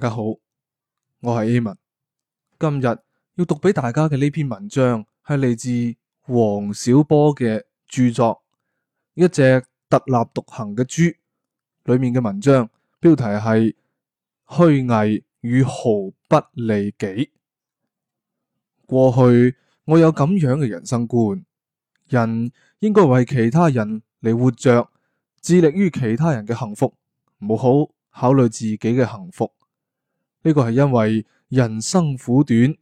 大家好，我係 A 文，今日要讀俾大家嘅呢篇文章係嚟自王小波嘅著作《一隻特立獨行嘅豬》裏面嘅文章，標題係虛偽與毫不利己。過去我有咁樣嘅人生觀：人應該為其他人嚟活着，致力於其他人嘅幸福，唔好考慮自己嘅幸福。呢個係因為人生苦短，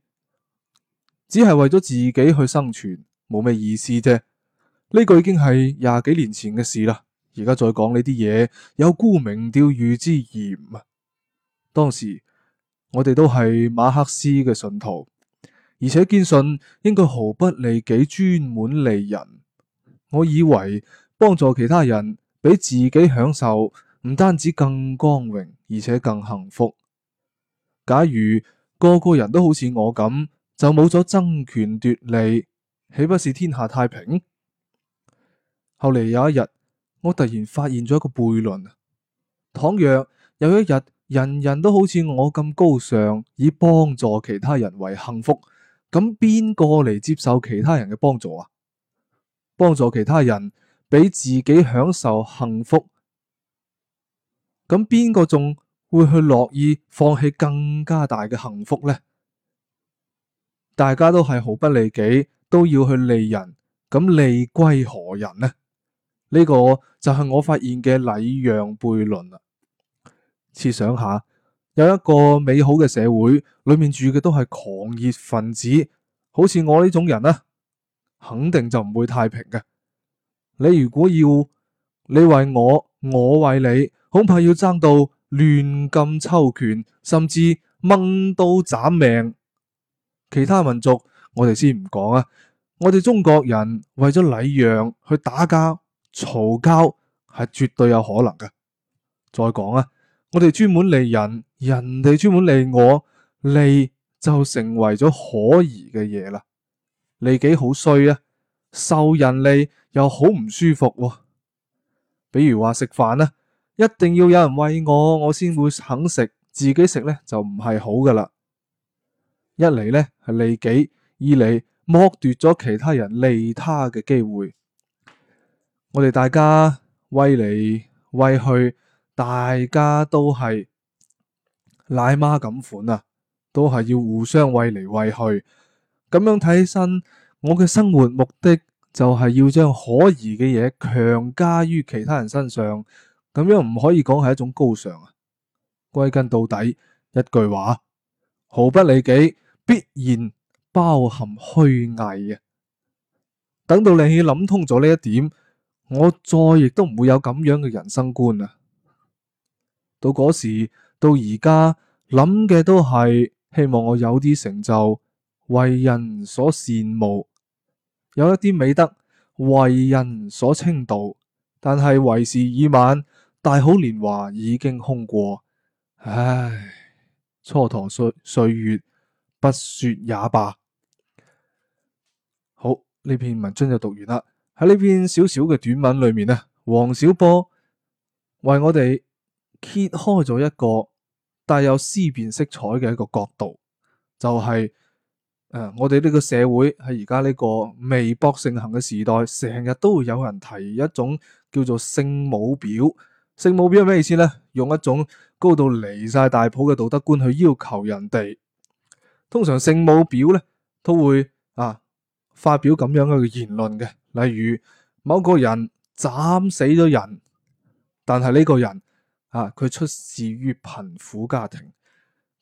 只係為咗自己去生存，冇咩意思啫。呢個已經係廿幾年前嘅事啦。而家再講呢啲嘢，有沽名釣譽之嫌啊。當時我哋都係馬克思嘅信徒，而且堅信應該毫不利己，專門利人。我以為幫助其他人比自己享受，唔單止更光榮，而且更幸福。假如個個人都好似我咁，就冇咗爭權奪利，豈不是天下太平？後嚟有一日，我突然發現咗一個悖論，倘若有一日，人人都好似我咁高尚，以幫助其他人為幸福，咁邊個嚟接受其他人嘅幫助啊？幫助其他人，比自己享受幸福，咁邊個仲？會去樂意放棄更加大嘅幸福呢？大家都係毫不利己，都要去利人，咁利歸何人呢？呢個就係我發現嘅禮讓悖論啦。設想下，有一個美好嘅社會，裏面住嘅都係狂熱分子，好似我呢種人啦，肯定就唔會太平嘅。你如果要，你為我，我為你，恐怕要爭到。亂禁抽拳，甚至掹刀斬命，其他民族我哋先唔講啊。我哋中國人為咗禮讓去打交，嘈交係絕對有可能嘅。再講啊，我哋專門利人，人哋專門利我，利就成為咗可疑嘅嘢啦。利己好衰啊，受人利又好唔舒服啊。比如話食飯啊。一定要有人餵我，我先會肯食。自己食呢就唔係好噶啦。一嚟呢係利己，二嚟剝奪咗其他人利他嘅機會。我哋大家餵嚟餵去，大家都係奶媽咁款啊，都係要互相餵嚟餵去。咁樣睇起身，我嘅生活目的就係要將可疑嘅嘢強加於其他人身上。咁樣唔可以講係一種高尚啊！歸根到底，一句話毫不利己，必然包含虛偽啊！等到你諗通咗呢一點，我再亦都唔會有咁樣嘅人生觀啊！到嗰時，到而家諗嘅都係希望我有啲成就，為人所羨慕；有一啲美德，為人所稱道。但係為時已晚。大好年華已經空過，唉，蹉跎歲歲月不說也罷。好，呢篇文章就讀完啦。喺呢篇小小嘅短文裏面咧，王小波為我哋揭開咗一個帶有思辨色彩嘅一個角度，就係，是，誒、呃，我哋呢個社會喺而家呢個微博盛行嘅時代，成日都會有人提一種叫做聖母表。聖母表係咩意思咧？用一種高度離晒大譜嘅道德觀去要求人哋。通常聖母表咧都會啊發表咁樣嘅言論嘅，例如某個人斬死咗人，但係呢個人啊佢出事於貧苦家庭。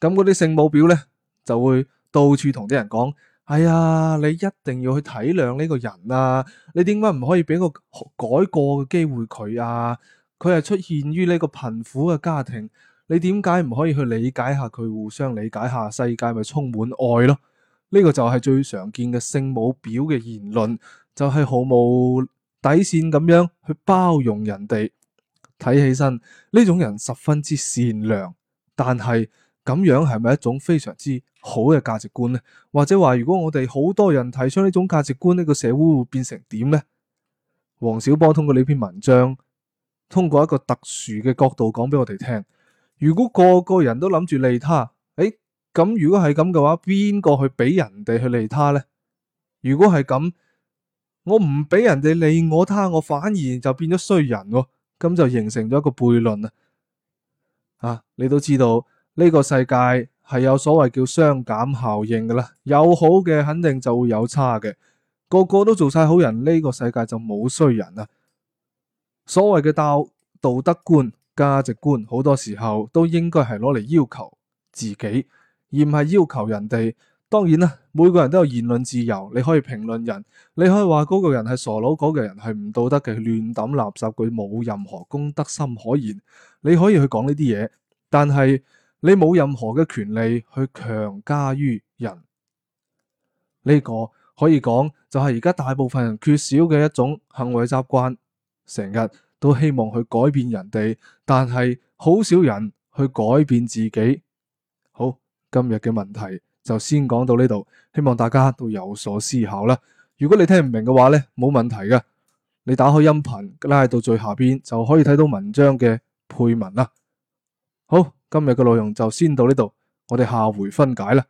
咁嗰啲聖母表咧就會到處同啲人講：哎呀，你一定要去體諒呢個人啊！你點解唔可以俾個改過嘅機會佢啊？佢係出現於呢個貧苦嘅家庭，你點解唔可以去理解下佢，互相理解下，世界咪充滿愛咯？呢個就係最常見嘅聖母表嘅言論，就係毫無底線咁樣去包容人哋。睇起身呢種人十分之善良，但係咁樣係咪一種非常之好嘅價值觀呢？或者話如果我哋好多人提倡呢種價值觀，呢個社會會變成點呢？王小波通過呢篇文章。通過一個特殊嘅角度講俾我哋聽，如果個個人都諗住利他，誒咁如果係咁嘅話，邊個去俾人哋去利他呢？如果係咁，我唔俾人哋利我他，我反而就變咗衰人喎，咁就形成咗一個悖論啊！啊，你都知道呢個世界係有所謂叫雙減效應嘅啦，有好嘅肯定就會有差嘅，個個都做晒好人，呢個世界就冇衰人啊！所謂嘅道德觀、價值觀，好多時候都應該係攞嚟要求自己，而唔係要求人哋。當然啦，每個人都有言論自由，你可以評論人，你可以話嗰個人係傻佬，嗰個人係唔道德嘅，亂抌垃圾，佢冇任何公德心可言。你可以去講呢啲嘢，但係你冇任何嘅權利去強加於人。呢個可以講就係而家大部分人缺少嘅一種行為習慣。成日都希望去改變人哋，但係好少人去改變自己。好，今日嘅問題就先講到呢度，希望大家都有所思考啦。如果你聽唔明嘅話呢，冇問題㗎，你打開音頻拉到最下邊就可以睇到文章嘅配文啦。好，今日嘅內容就先到呢度，我哋下回分解啦。